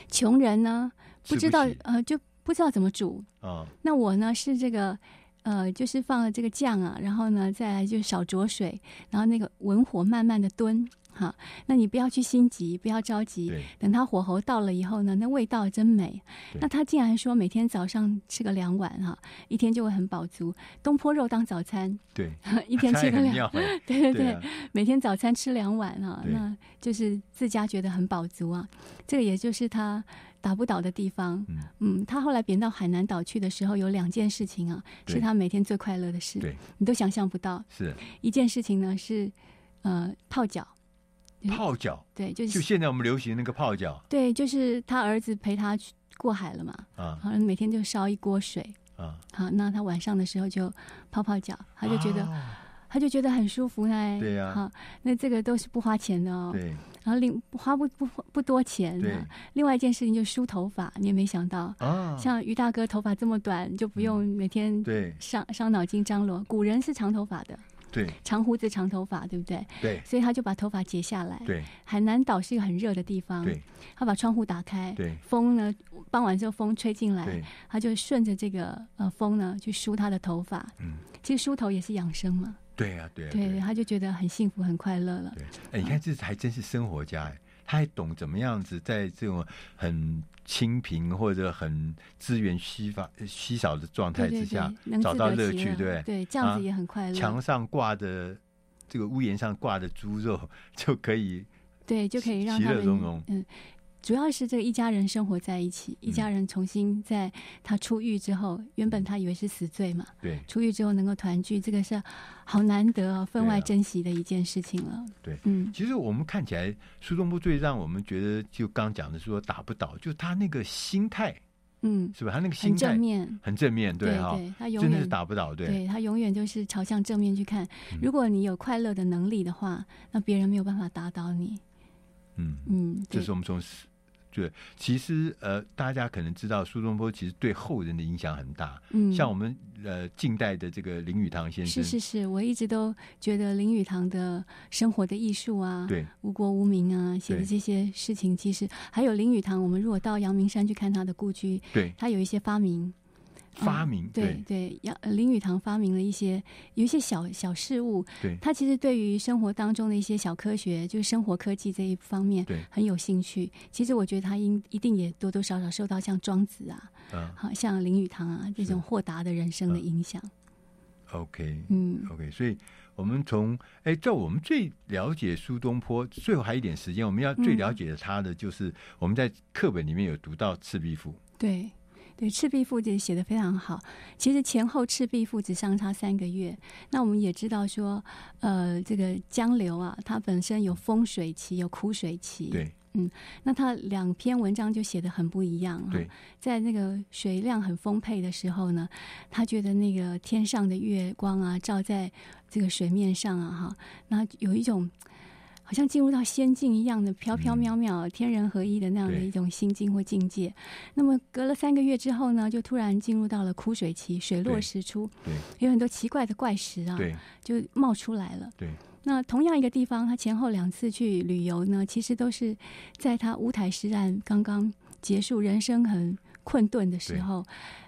窮人呢不，不知道呃，就不知道怎麼煮啊，嗯、那我呢是這個。呃，就是放了這個醬啊，然後呢，再來就少着水，然後那個文火慢慢的燉。哈，那你不要去心急，不要着急，對等它火候到了以後呢，那味道真美。對那他竟然說每天早上吃個兩碗哈，一天就會很飽足，東坡肉當早餐，對，一天吃個兩，對、 啊、 對對，對啊、每天早餐吃兩碗哈，對那就是自家覺得很飽足啊，這個也就是他打不倒的地方，嗯，他後來貶到海南島去的時候，有兩件事情啊，是他每天最快樂的事，對，你都想象不到。是一件事情呢是，呃，泡腳。泡腳。對，就就現在我們流行那個泡腳。對，就是他兒子陪他去過海了嘛，啊，好，每天就燒一鍋水，啊，好，那他晚上的時候就泡泡腳，他就覺得，他就覺得很舒服呢。對呀。好，那這個都是不花錢的哦。對。然後另花不不不多錢呢。另外一件事情就梳頭髮，你也沒想到。啊，像俞大哥頭髮這麼短，就不用每天傷傷腦筋張羅。古人是長頭髮的，對，長鬍子長頭髮，對不對？對，所以他就把頭髮截下來。對，海南島是一個很熱的地方，對，他把窗戶打開，對，風呢傍晚之後風吹進來，他就順着這個呃風呢去梳他的頭髮。嗯，其實梳頭也是養生嘛。對啊，對啊，對，他就覺得很幸福、很快樂了。對，哎、欸，你看，這還真是生活家，啊、他還懂怎麼樣子，在這種很清貧或者很資源稀乏、稀少的狀態之下，對對對找到樂趣，對不對？對，這樣子也很快樂。啊、牆上掛着，這個屋檐上掛着豬肉，就可以，對，就可以讓他其樂融融，嗯。主要是這個一家人生活在一起，一家人重新在他出獄之後，原本他以為是死罪嘛，對，出獄之後能夠團聚，這個是好難得哦，分外珍惜的一件事情了。對，嗯，其實我們看起來，蘇東坡最讓我們覺得，就剛講的說打不倒，就他那個心態，嗯，是吧？他那個心態很正面，很正面，對，對他永遠真的是打不倒，對，對他永遠就是朝向正面去看。如果你有快樂的能力的話，那別人沒有辦法打倒你。嗯嗯，這是我們從。對，其實呃，大家可能知道蘇東坡其實對後人的影響很大，嗯，像我們呃近代的這個林語堂先生，是是是，我一直都覺得林語堂的生活的藝術啊，對，吾國吾民啊，寫的這些事情，其實對還有林語堂，我們如果到陽明山去看他的故居，對，他有一些發明。嗯、發明對對，楊林語堂發明了一些有一些小小事物，對，他其實對於生活當中的一些小科學，就是生活科技這一方面，對，很有興趣。對其實我覺得他應一定也多多少少受到像莊子啊，好、啊，像林語堂啊是這種豁達的人生的影響。啊、OK，嗯，OK，所以我們從哎，在我們最了解蘇東坡，最後還有一點時間，我們要最了解他的，的就是、嗯、我們在課本裡面有讀到《赤壁賦》。對。對，《赤壁賦》就寫得非常好。其實前後《赤壁賦》只相差三個月。那我們也知道說，呃，這個江流啊，它本身有豐水期、有枯水期。對。嗯，那它兩篇文章就寫得很不一樣。對。在那個水量很豐沛的時候呢，他覺得那個天上的月光啊，照在這個水面上啊，哈，那有一種。好像進入到仙境一樣的飄飄渺渺、天人合一的那樣的一種心境或境界。嗯、那麼隔了三個月之後呢，就突然進入到了枯水期，水落石出，對對，有很多奇怪的怪石啊，對就冒出來了。對，那同樣一個地方，他前後兩次去旅遊呢，其實都是在他烏臺詩案剛剛結束、人生很困頓的時候。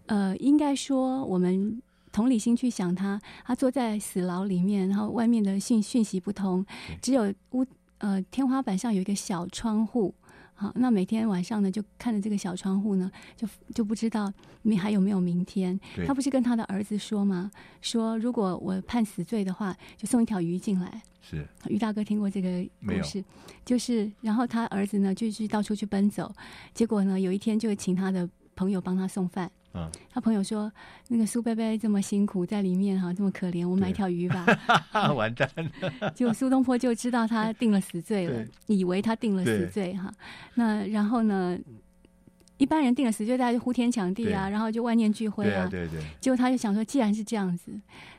對呃，應該說我們。同理心去想他，他坐在死牢裡面，然後外面的訊訊息不通，對只有屋呃天花板上有一個小窗戶，好，那每天晚上呢就看着這個小窗戶呢，就就不知道你還有沒有明天。對他不是跟他的兒子說嗎？說如果我判死罪的話，就送一條魚進來。是，俞大哥聽過這個故事，有就是然後他兒子呢就去到處去奔走，結果呢有一天就會請他的朋友幫他送飯。嗯，他朋友說，那個蘇伯伯這麼辛苦在裡面哈，這麼可憐，我買條魚吧。對 完蛋了， 就蘇東坡就知道他定了死罪了，對以為他定了死罪哈對，那然後呢？一般人定了死，就大家就呼天搶地啊，然後就萬念俱灰啊。對對。結果他就想說，既然是這樣子，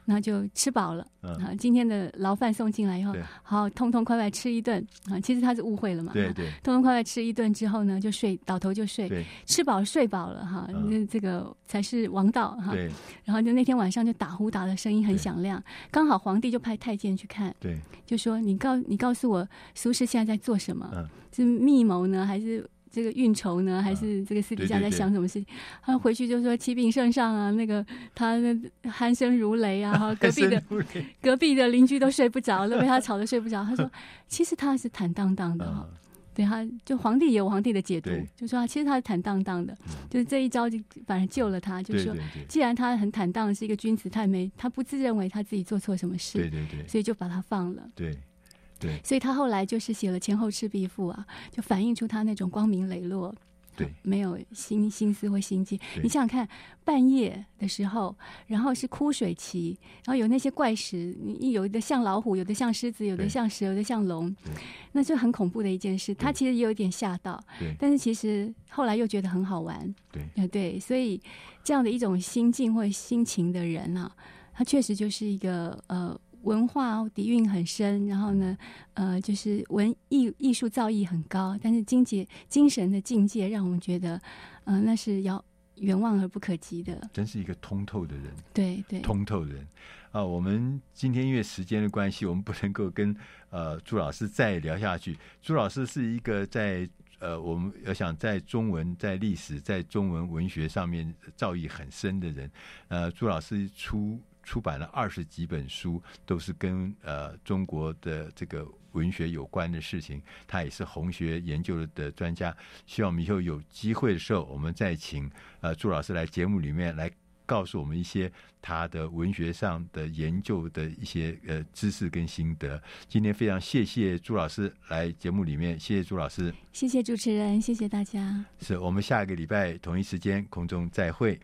那就吃飽了啊。今天的牢飯送進來以後，好痛痛快快吃一頓啊。其實他是誤會了嘛。對對。痛痛快快吃一頓之後呢，就睡，倒頭就睡。對。吃飽睡飽了哈，那這個才是王道哈。對。然後就那天晚上就打呼打的聲音很響亮，剛好皇帝就派太監去看。對。就說你告你告訴我，蘇軾現在在做什麼？嗯。是密謀呢，還是？這個運籌呢，還是這個私底下在想什麼事情？啊、對對對，他回去就說：“啟稟聖上啊，那個他鼾聲如雷啊，哈，隔壁的 隔壁的鄰居都睡不着了， 被他吵得睡不着。”他說：“其實他是坦蕩蕩的，啊、對，他就皇帝有皇帝的解讀，對就說其實他是坦蕩蕩的，嗯、就是這一招就反而救了他，就說對對對，既然他很坦蕩，是一個君子，他沒他不自認為他自己做錯什麼事，對對對，所以就把他放了。”對。對所以他後來就是寫了前後赤壁賦啊，就反映出他那種光明磊落，對，沒有心心思或心機。對你想想看，半夜的時候，然後是枯水期，然後有那些怪石，有的像老虎，有的像獅子，有的像蛇，對有的像龍，對那就很恐怖的一件事。他其實也有點嚇到，對但是其實後來又覺得很好玩，對，對，對，所以這樣的一種心境或心情的人呢、啊，他確實就是一個呃。文化底蘊很深，然後呢，呃，就是文藝藝術造詣很高，但是境界，精神的境界，讓我們覺得，呃，那是遙遠，望而不可及的。真是一個通透的人，對對，對，通透的人啊！我們今天因為時間的關係，我們不能夠跟呃朱老師再聊下去。朱老師是一個在呃我們要想在中文、在歷史、在中文文學上面造詣很深的人。呃，朱老師出。出版了二十幾本書，都是跟呃中國的這個文學有關的事情。他也是紅學研究的專家。希望我們以後有機會的時候，我們再請呃朱老師來節目裡面來告訴我們一些他的文學上的研究的一些呃知識跟心得。今天非常謝謝朱老師來節目裡面，謝謝朱老師，謝謝主持人，謝謝大家。是我們下一個禮拜同一時間空中再會。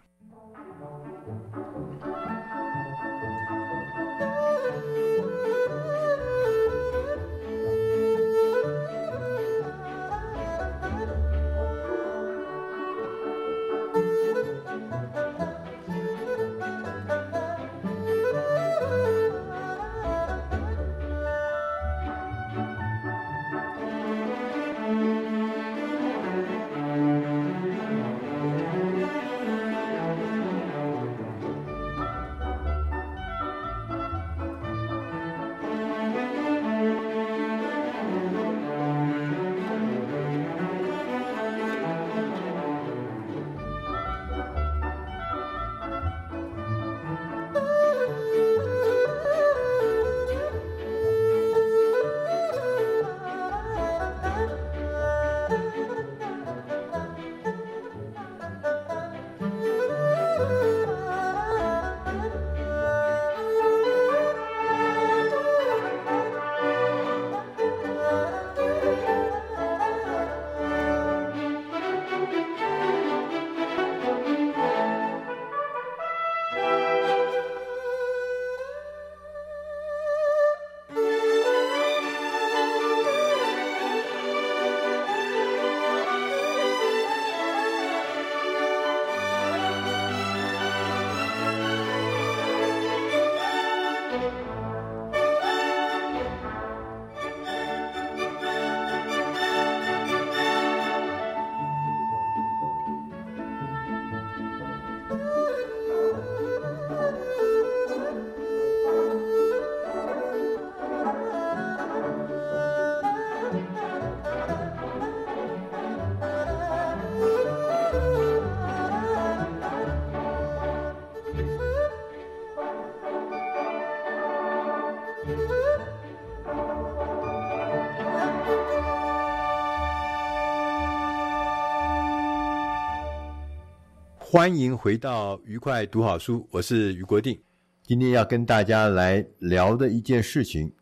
歡迎回到俞快讀好書，我是俞國定。今天要跟大家來聊的一件事情，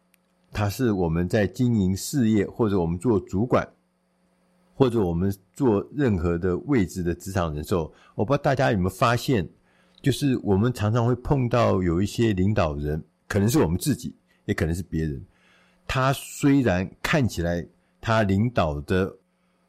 它是我們在經營事業，或者我們做主管，或者我們做任何的位置的職場人的時候，我不知道大家有沒有發現，就是我們常常會碰到有一些領導人，可能是我們自己，也可能是別人。他雖然看起來他領導的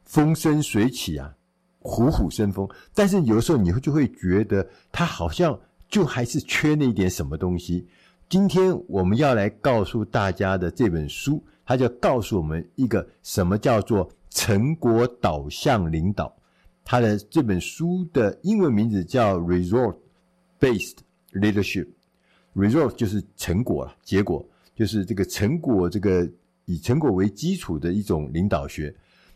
風生水起啊。虎虎生風，但是有時候你會就會覺得他好像就還是缺那一點什麼東西。今天我們要來告訴大家的這本書，它就告訴我們一個什麼叫做成果導向領導。它的這本書的英文名字叫 “result-based leadership”。result 就是成果、結果，就是這個成果，這個以成果為基礎的一種領導學。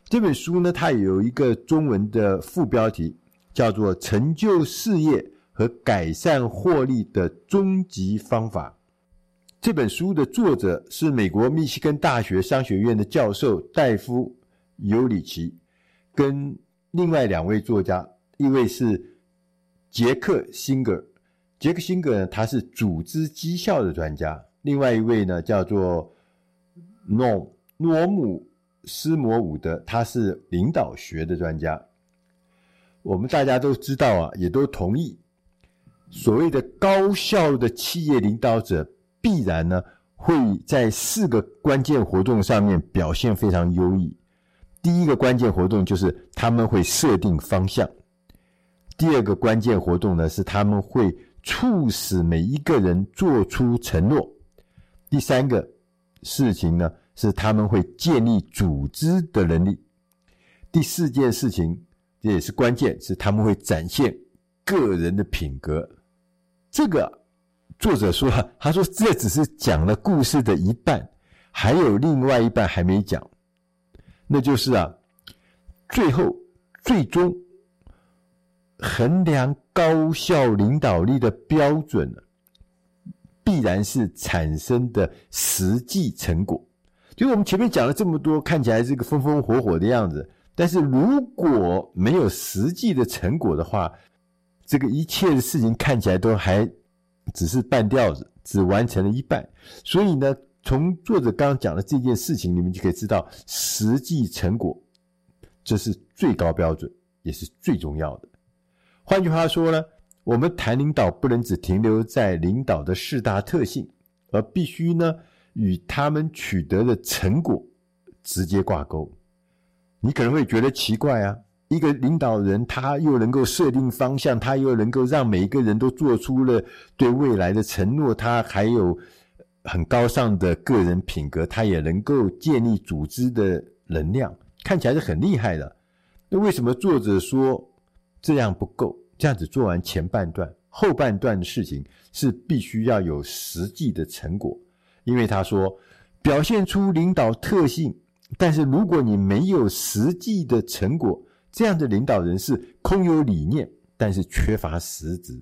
這本書呢，它有一個中文的副標題，叫做《成就事業和改善獲利的終極方法》。這本書的作者是美國密西根大學商學院的教授戴夫·尤里奇，跟另外兩位作家，一位是杰克·辛格，杰克·辛格呢，他是組織績效的專家；另外一位呢，叫做諾諾姆。施摩伍德，他是領導學的專家。我們大家都知道啊，也都同意，所謂的高效的企業領導者，必然呢會在四個關鍵活動上面表現非常優異。第一個關鍵活動就是他們會設定方向；第二個關鍵活動呢是他們會促使每一個人做出承諾；第三個事情呢。是他們會建立組織的能力。第四件事情，這也是關鍵，是他們會展現個人的品格。這個啊，作者說啊，“他說這只是講了故事的一半，還有另外一半還沒講。那就是啊，最後最終衡量高效領導力的標準啊，必然是產生的實際成果。”就是我們前面講了這麼多，看起來是個風風火火的樣子，但是如果沒有實際的成果的話，這個一切的事情看起來都還只是半吊子，只完成了一半。所以呢，從作者剛剛講的這件事情，你們就可以知道，實際成果這是最高標準，也是最重要的。換句話說呢，我們談領導不能只停留在領導的四大特性，而必須呢，與他們取得的成果直接掛鈎，你可能會覺得奇怪啊。一個領導人，他又能夠設定方向，他又能夠讓每一個人都做出了對未來的承諾，他還有很高尚的個人品格，他也能夠建立組織的能量，看起來是很厲害的。那為什麼作者說這樣不夠？這樣子做完前半段，後半段的事情是必須要有實際的成果。因為他說表現出領導特性，但是如果你沒有實際的成果，這樣的領導人是空有理念，但是缺乏實質。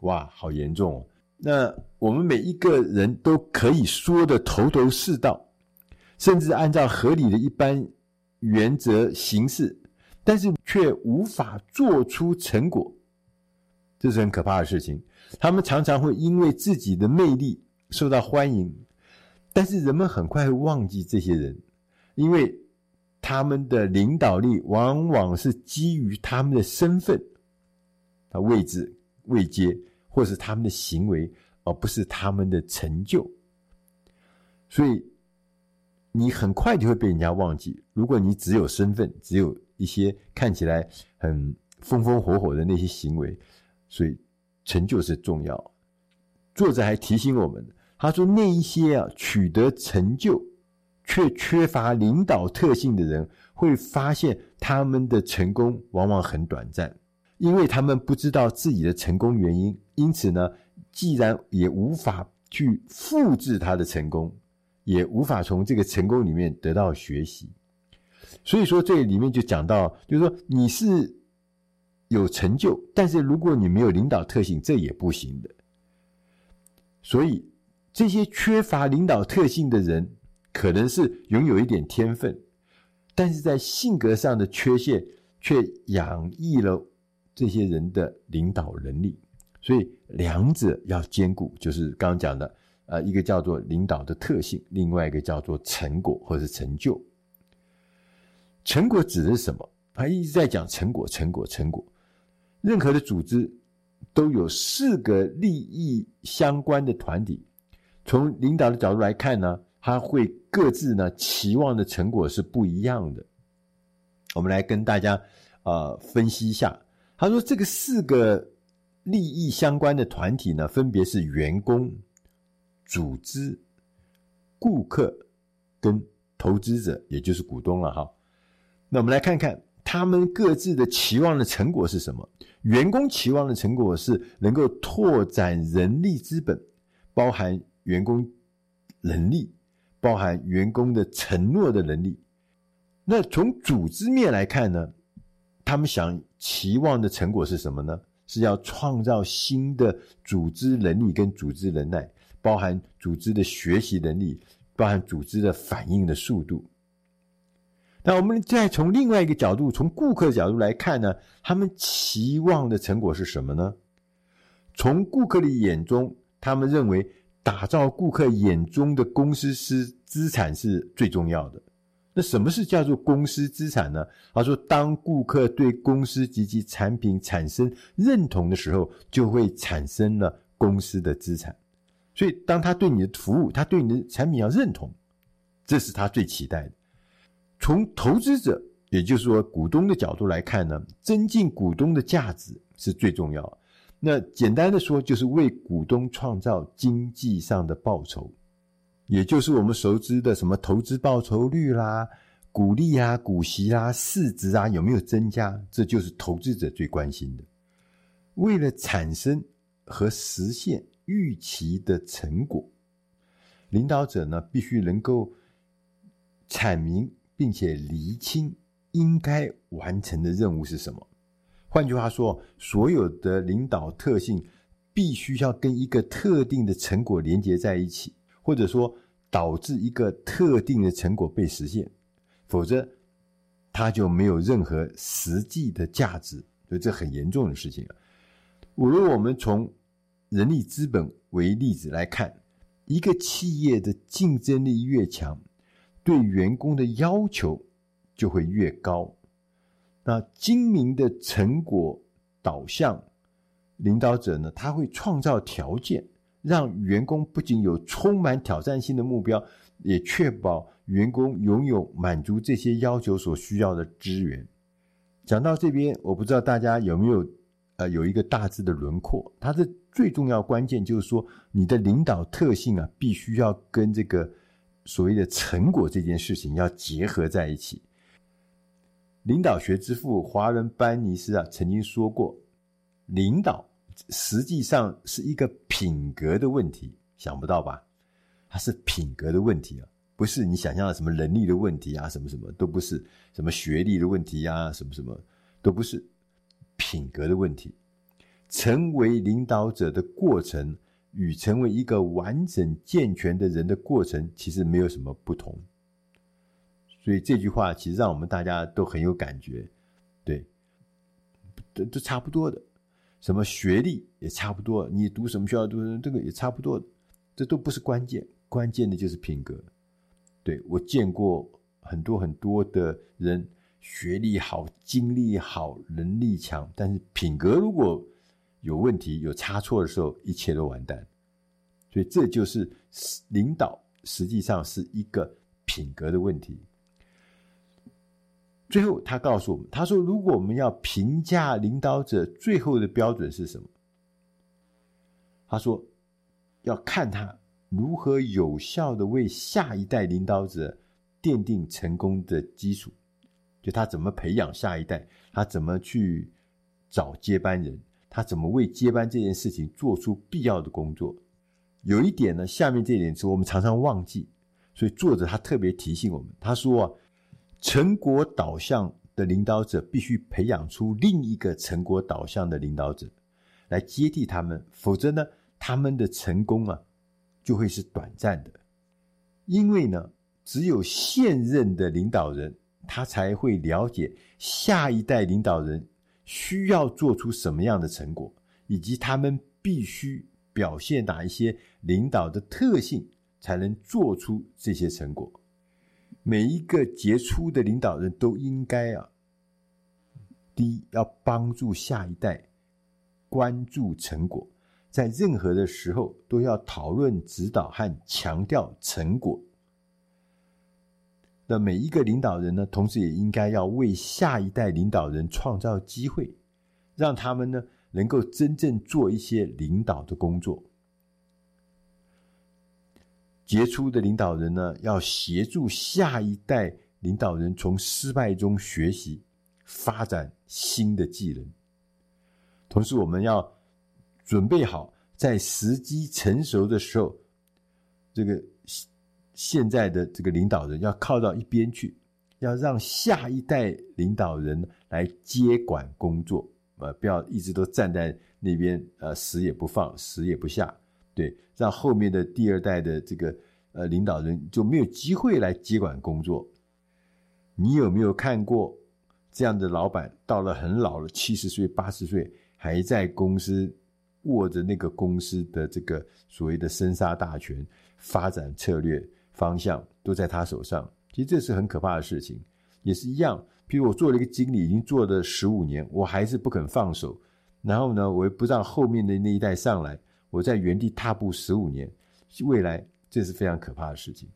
哇，好嚴重哦！那我們每一個人都可以說的頭頭是道，甚至按照合理的一般原則行事，但是卻無法做出成果，這是很可怕的事情。他們常常會因為自己的魅力受到歡迎。但是人們很快會忘記這些人，因為他們的領導力往往是基於他們的身份、啊，位置、位階，或是他們的行為，而、呃、不是他們的成就。所以，你很快就會被人家忘記。如果你只有身份，只有一些看起來很風風火火的那些行為，所以成就是重要。作者還提醒我們。他說：“那一些啊，取得成就卻缺乏領導特性的人，會發現他們的成功往往很短暫，因為他們不知道自己的成功原因，因此呢，既然也無法去複製他的成功，也無法從這個成功裡面得到學習。所以說這裡面就講到，就是說你是有成就，但是如果你沒有領導特性，這也不行的。所以。”這些缺乏領導特性的人，可能是擁有一點天分，但是在性格上的缺陷卻養育了這些人的領導能力。所以兩者要兼顧，就是剛剛講的，呃，一個叫做領導的特性，另外一個叫做成果或者成就。成果指的是什麼？他一直在講成果、成果、成果。任何的組織都有四個利益相關的團體。從領導的角度來看呢，他會各自呢期望的成果是不一樣的。我們來跟大家啊、呃、分析一下。他說，這個四個利益相關的團體呢，分別是員工、組織、顧客跟投資者，也就是股東了、啊、哈。那我們來看看他們各自的期望的成果是什麼？員工期望的成果是能夠拓展人力資本，包含。員工能力，包含員工的承諾的能力。那從組織面來看呢，他們想期望的成果是什麼呢？是要創造新的組織能力跟組織能耐，包含組織的學習能力，包含組織的反應的速度。那我們再從另外一個角度，從顧客的角度來看呢，他們期望的成果是什麼呢？從顧客的眼中，他們認為。打造顧客眼中的公司是資產是最重要的。那什麼是叫做公司資產呢？他說，當顧客對公司及其產品產生認同的時候，就會產生了公司的資產。所以，當他對你的服務，他對你的產品要認同，這是他最期待的。從投資者，也就是說股東的角度來看呢，增進股東的價值是最重要的。那簡單的說，就是為股東創造經濟上的報酬，也就是我們熟知的什麼投資報酬率啦、股利啊、股息啦、啊、市值啊，有沒有增加，這就是投資者最關心的。為了產生和實現預期的成果，領導者呢必須能夠闡明並且釐清應該完成的任務是什麼。換句話說，所有的領導特性必須要跟一個特定的成果連接在一起，或者說導致一個特定的成果被實現，否則它就沒有任何實際的價值。所以這很嚴重的事情啊。如果我們從人力資本為例子來看，一個企業的競爭力越強，對員工的要求就會越高。那精明的成果導向領導者呢，他會創造條件，讓員工不僅有充滿挑戰性的目標，也確保員工擁有滿足這些要求所需要的資源。講到這邊，我不知道大家有沒有，呃，有一個大致的輪廓。它的最重要關鍵就是說，你的領導特性啊，必須要跟這個所謂的成果這件事情要結合在一起。領導學之父華倫班尼斯啊曾經說過，領導實際上是一個品格的問題，想不到吧？它是品格的問題啊，不是你想象的什麼能力的問題啊，什麼什麼都不是，什麼學歷的問題呀、啊，什麼什麼都不是，品格的問題。成為領導者的過程與成為一個完整健全的人的過程，其實沒有什麼不同。所以這句話其實讓我們大家都很有感覺，對，都都差不多的，什麼學歷也差不多，你讀什麼學校讀什麼，這個也差不多，這都不是關鍵，關鍵的就是品格。對，我見過很多很多的人，學歷好、經歷好、能力強，但是品格如果有問題、有差錯的時候，一切都完蛋。所以這就是領導實際上是一個品格的問題。最後，他告訴我們：“他說，如果我們要評價領導者，最後的標準是什麼？他說，要看他如何有效地為下一代領導者奠定成功的基礎。就他怎麼培養下一代，他怎麼去找接班人，他怎麼為接班這件事情做出必要的工作。有一點呢，下面這一點是我們常常忘記，所以作者他特別提醒我們。他說啊。成果導向的領導者必須培養出另一個成果導向的領導者來接替他們，否則呢，他們的成功啊，就會是短暫的。因為呢，只有現任的領導人，他才會了解下一代領導人需要做出什麼樣的成果，以及他們必須表現哪一些領導的特性才能做出這些成果。每一個傑出的領導人都應該啊，第一要幫助下一代關注成果，在任何的時候都要討論、指導和強調成果。那每一個領導人呢，同時也應該要為下一代領導人創造機會，讓他們呢能夠真正做一些領導的工作。傑出的領導人呢，要協助下一代領導人從失敗中學習，發展新的技能。同時，我們要準備好在時機成熟的時候，這個現現在的這個領導人要靠到一邊去，要讓下一代領導人來接管工作。啊、呃，不要一直都站在那邊啊、呃，死也不放，死也不下。對，讓後面的第二代的這個呃領導人就沒有機會來接管工作。你有沒有看過這樣的老板，到了很老了，七十歲、八十歲，還在公司握着那個公司的這個所謂的生殺大權，發展策略方向都在他手上。其實這是很可怕的事情，也是一樣。譬如我做了一個經理，已經做了十五年，我還是不肯放手，然後呢，我又不讓後面的那一代上來。我在原地踏步十五年，未來這是非常可怕的事情。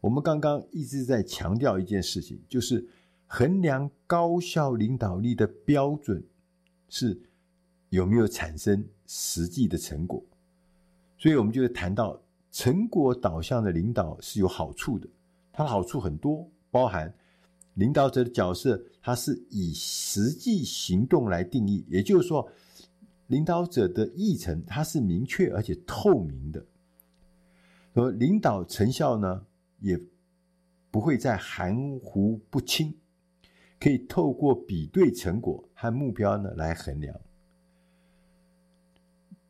我們剛剛一直在強調一件事情，就是衡量高效領導力的標準是有沒有產生實際的成果。所以，我們就會談到成果導向的領導是有好處的，它的好處很多，包含領導者的角色，它是以實際行動來定義，也就是說，領導者的議程，它是明確而且透明的；而領導成效呢，也不會再含糊不清，可以透過比對成果和目標呢來衡量。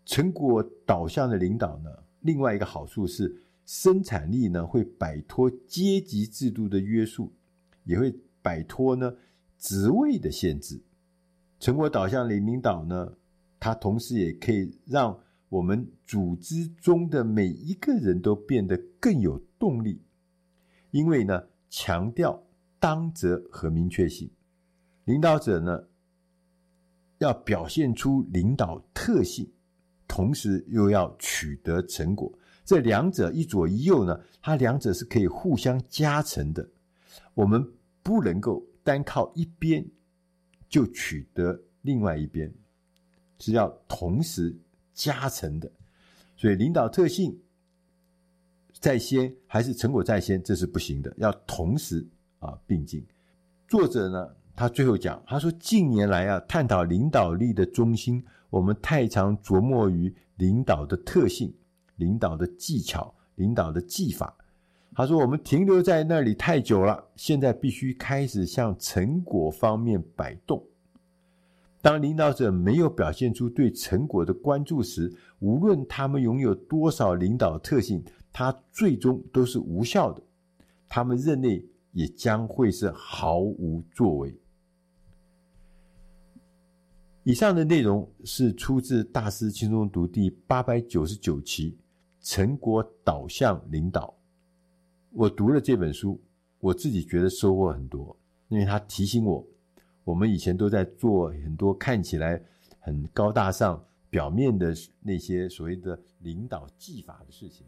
成果導向的領導呢，另外一個好處是生產力呢會擺脫階級制度的約束，也會擺脫呢職位的限制。成果導向的領導呢，它同時也可以讓我們組織中的每一個人都變得更有動力，因為呢，強調當責和明確性，領導者呢要表現出領導特性，同時又要取得成果，這兩者一左一右呢，它兩者是可以互相加成的。我們不能夠單靠一邊就取得另外一邊。是要同時加成的，所以領導特性在先還是成果在先，這是不行的。要同時啊並進。作者呢，他最後講，他說近年來啊，探討領導力的中心，我們太常琢磨於領導的特性、領導的技巧、領導的技法。他說我們停留在那裡太久了，現在必須開始向成果方面擺動。當領導者沒有表現出對成果的關注時，無論他們擁有多少領導特性，他最終都是無效的，他們任內也將會是毫無作為。以上的內容是出自《大師輕鬆讀》第八百九十九期《成果導向領導》。我讀了這本書，我自己覺得收穫很多，因為他提醒我。我們以前都在做很多看起來很高大上、表面的那些所謂的領導技法的事情。